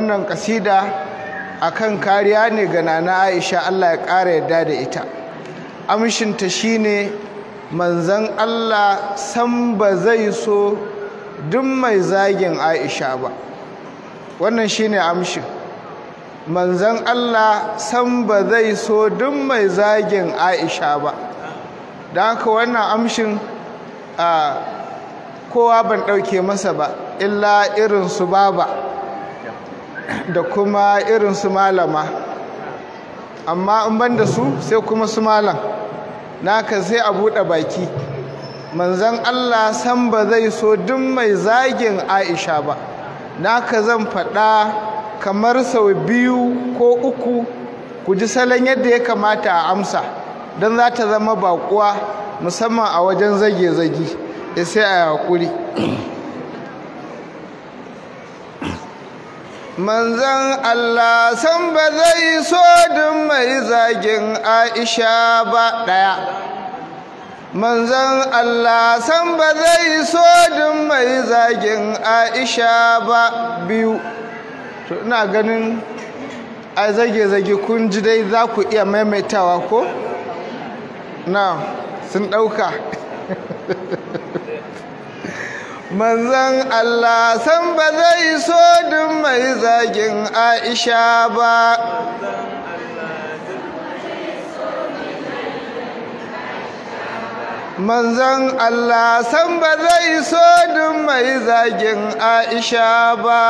wannan kasida akan kariya ne ga nana Aisha Allah ya ƙara yadda da ita amshinta shine manzan Allah san ba zai so duk mai zagin Aisha ba wannan shine amshin manzan Allah san ba zai so duk mai zagin Aisha ba da haka wannan amshin kowa ban ɗauke masa ba illa irin su baba da kuma irin su malama amma in ban da su sai kuma su malam naka sai a buɗe baki manzan Allah san ba zai so duk mai zagin Aisha ba naka zan faɗa kamar sau biyu ko uku ku ji salon yadda ya kamata a amsa don za ta zama baƙuwa musamman a wajen zage-zage sai a yi haƙuri manzan Allah san ba zai so duk mai zagin Aisha ba ɗaya manzan Allah san ba zai so duk mai zagin Aisha ba biyu to ina ganin a zage-zage kun ji dai za ku iya maimaitawa ko na sun ɗauka manzan Allah san ba zai so duk mai zagin Aisha ba manzan Allah san ba zai so duk mai zagin Aisha ba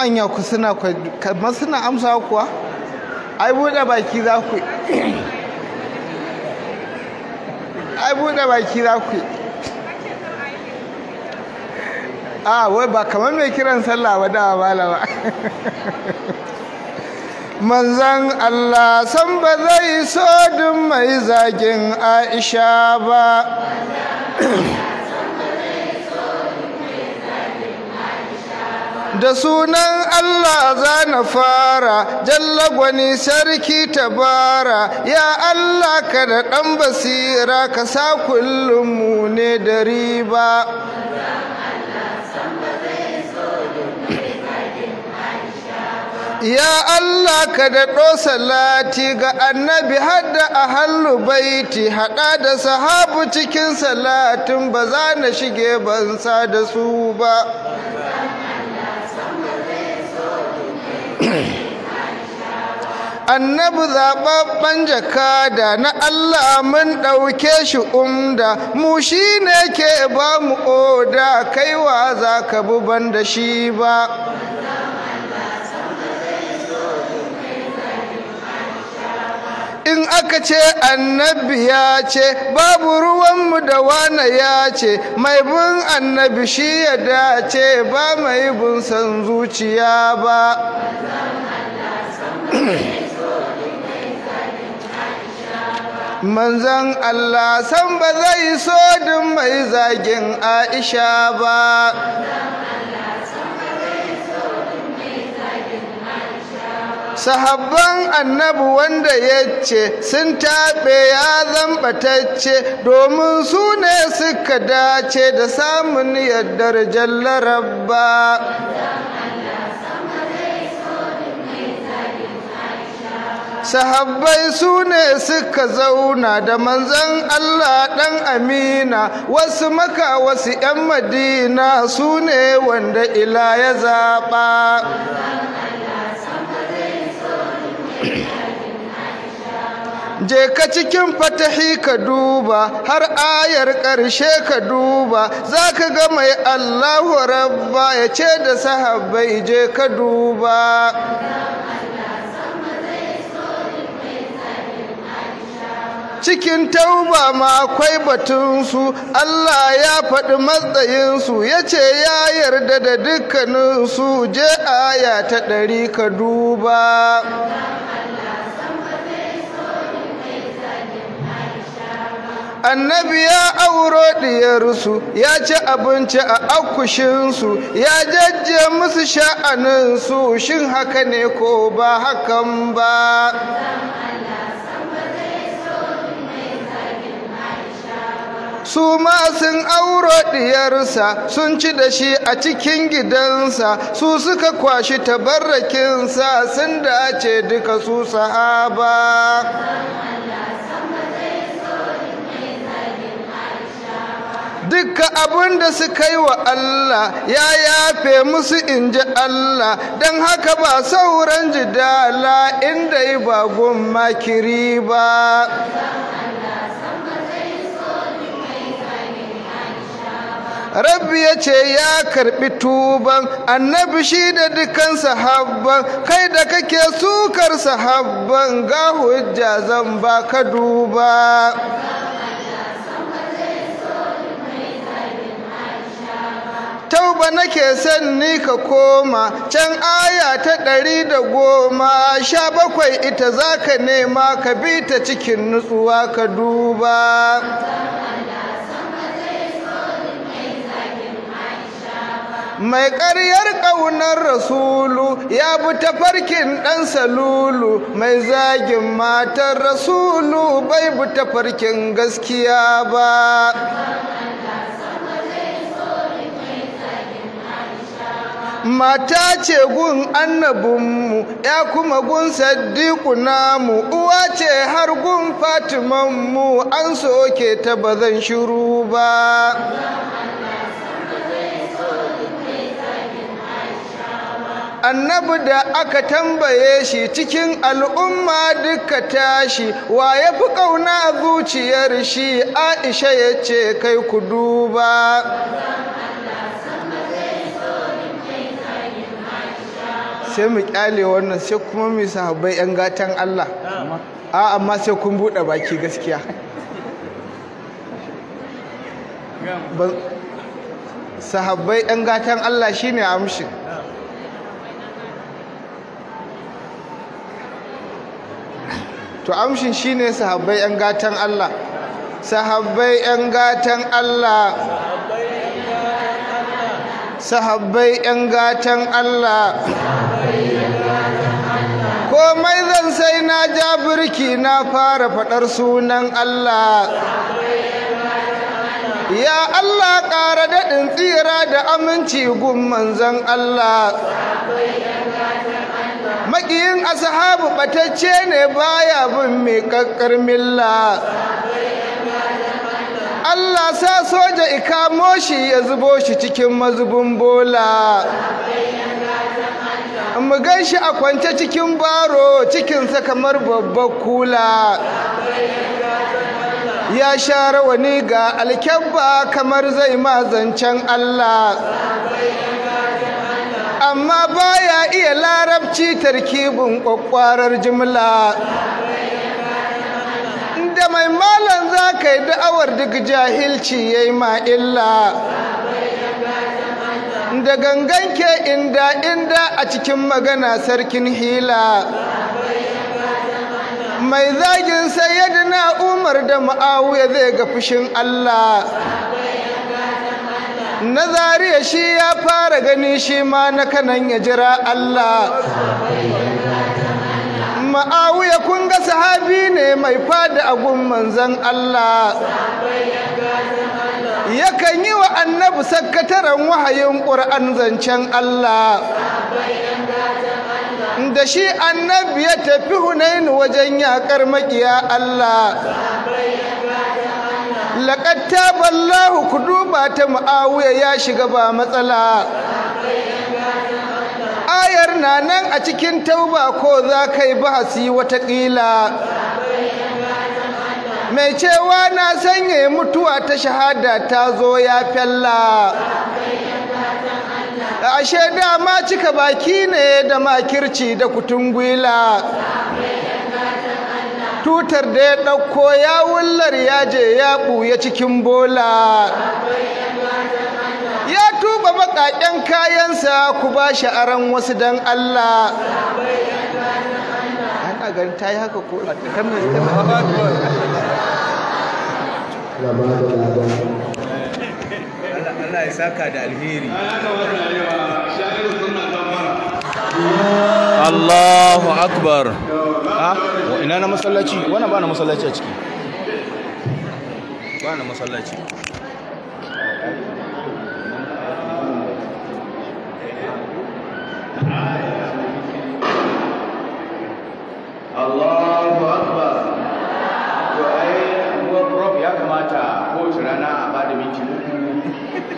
anya ku suna kamar suna amsa kuwa ai bude baki za ku ai buɗe baki za ku a wai ba kamar mai kiran sallah ba da Bala ba manzan Allah san ba zai so duk mai zagin Aisha ba da sunan Allah za na fara jalla gwani sarki tabara ya Allah ka da ɗan basira ka sa kullum mu ne da riba Ya Allah ka daɗo salati ga annabi hadda a hallu baiti haɗa da sahabu cikin salatin ba za na shige ban sa da su ba. annabi zaɓaɓɓen jakada na Allah mun ɗauke shi umda mu shi ne ke ba mu oda kaiwa za ka bi ban da shi ba in aka ce annabi ya ce babu ruwanmu da wane ya ce mai bin annabi shi ya dace ba mai bin san zuciya ba manzan Allah san ba zai so din mai zagin Aisha ba sahabban annabu wanda ya ce sun taɓe ya zambatacce domin su ne suka dace da samun yardar jallarabba. sahabbai su ne suka zauna da manzan Allah ɗan amina wasu maka wasu 'yan madina su ne wanda ila ya zaɓa. je ka cikin fatahi ka duba har ayar ƙarshe ka duba za ka ga mai Allahu rabba ya ce da sahabbai je ka duba. cikin tauba ma akwai batunsu Allah ya faɗi matsayinsu ya ce ya yarda da dukkaninsu je aya ta ɗari ka duba. annabi ya auro ɗiyarsu ya ci abinci a akushinsu ya jajje musu sha'aninsu shin haka ne ko ba hakan ba su ma sun auro ɗiyarsa sun ci da shi a cikin gidansa su suka kwashi tabarrakinsa sun dace duka su sahaba Duka abin da suka yi wa Allah ya yafe musu in ji Allah don haka ba sauran jidala inda yi ba makiri ba. rabbi ya ce ya karbi tuban annabi shi da dukan sahabban kai da kake sukar sahabban ga hujja zan baka duba tauba nake son ni ka koma can aya ta ɗari da goma sha bakwai ita za ka nema ka bi ta cikin nutsuwa ka duba mai ƙaryar ƙaunar rasulu ya bi ta farkin ɗan salulu mai zagin matar rasulu bai bi ta farkin gaskiya ba mata ce gun annabinmu ya kuma gun saddiku namu uwa ce har gun fatimanmu an soke ta ba zan shiru ba annabi da aka tambaye shi cikin al'umma duka tashi wa ya fi ƙauna zuciyar shi aisha ya ce kai ku duba sai mu kyale wannan sai kuma mu sahabbai yan gatan Allah a amma sai kun bude baki gaskiya sahabbai yan gatan Allah shine amshin to amshin shine sahabbai yan gatan Allah sahabbai yan gatan Allah sahabbai yan gatan Allah komai zan sai na ja birki na fara faɗar sunan Allah ya Allah ƙara daɗin tsira da aminci gun manzan Allah maƙiyin ashabu ɓatacce ne baya bin mai ƙaƙƙar milla Allah sa soja ikamoshi shi ya zubo shi cikin mazubin bola mu gan shi a kwance cikin baro cikinsa kamar babbar kula ya share wani ga alkyabba kamar zai ma zancen Allah amma baya iya larabci tarkibin kwakwarar jimla da mai malam za ka yi da'awar duk jahilci ya yi ma illa da gangan ke inda inda a cikin magana sarkin hila mai zagin sayyidina umar da ma'awuya zai ga fushin allah na zariya shi ya fara gani shi ma na kanan ya jira allah ma'awuya kun ga sahabi ne mai fada agun manzan allah yakan yi wa annabi sakataren wahayin ƙur'an zancen Allah da shi annabi ya tafi hunain wajen yaƙar maƙiya Allah laƙatta b'Allahu ku duba ta ma'awuya ya shiga ba matsala ayar na nan a cikin tauba ko za ka yi bahasi watakila mai cewa na sanya mu kalma ta shahada ta zo ya fella ashe dama cika baki ne da ma kirci da kutungwila tutar da ya ɗauko ya wullar ya je ya ɓuya cikin bola ya tuba baƙaƙen kayansa ku ba shi ran wasu don Allah ana ganin ta yi haka ko الله يسعدك الهيري الله اكبر ها وانا انا مصلاتي وانا بانا مصلاتي اشكي وانا مصلاتي الله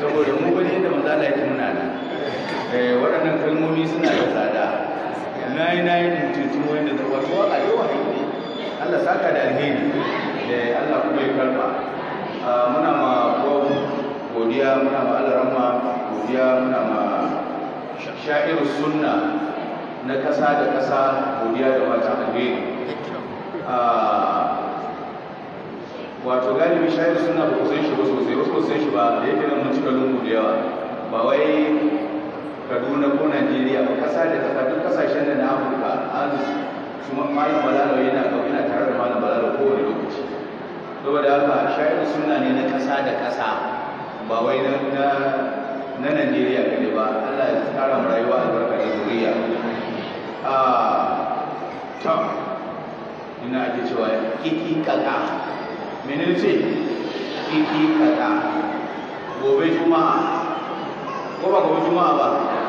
saboda mu bane yadda manzo Allah ya muna nan eh, waɗannan kalmomi suna da tsada Na yi tuntu wanda da wato a yau haƙi Allah saka da alheri da eh, Allah kuma ya karba ah, muna ma godiya muna ma Allah godiya muna ma sha'iru sunna na ƙasa da ƙasa godiya da mata alheri shayar suna ba kusan shi ba sosai wasu kusan shi ba da yake nan mun cika lungu da yawa ba wai kaduna ko najeriya ba kasa da kasa duk kasashen da na afirka an su malam balalo yana yana tare da malam balalo kowane lokaci saboda haka shayar suna ne na kasa da kasa ba wai na na najeriya kaɗai ba allah ya tsara mu rayuwa albarka da zuriya a ah, ina ake cewa kiki kaka 明天起，滴滴可达，我背你吗？我不背你吗？吧？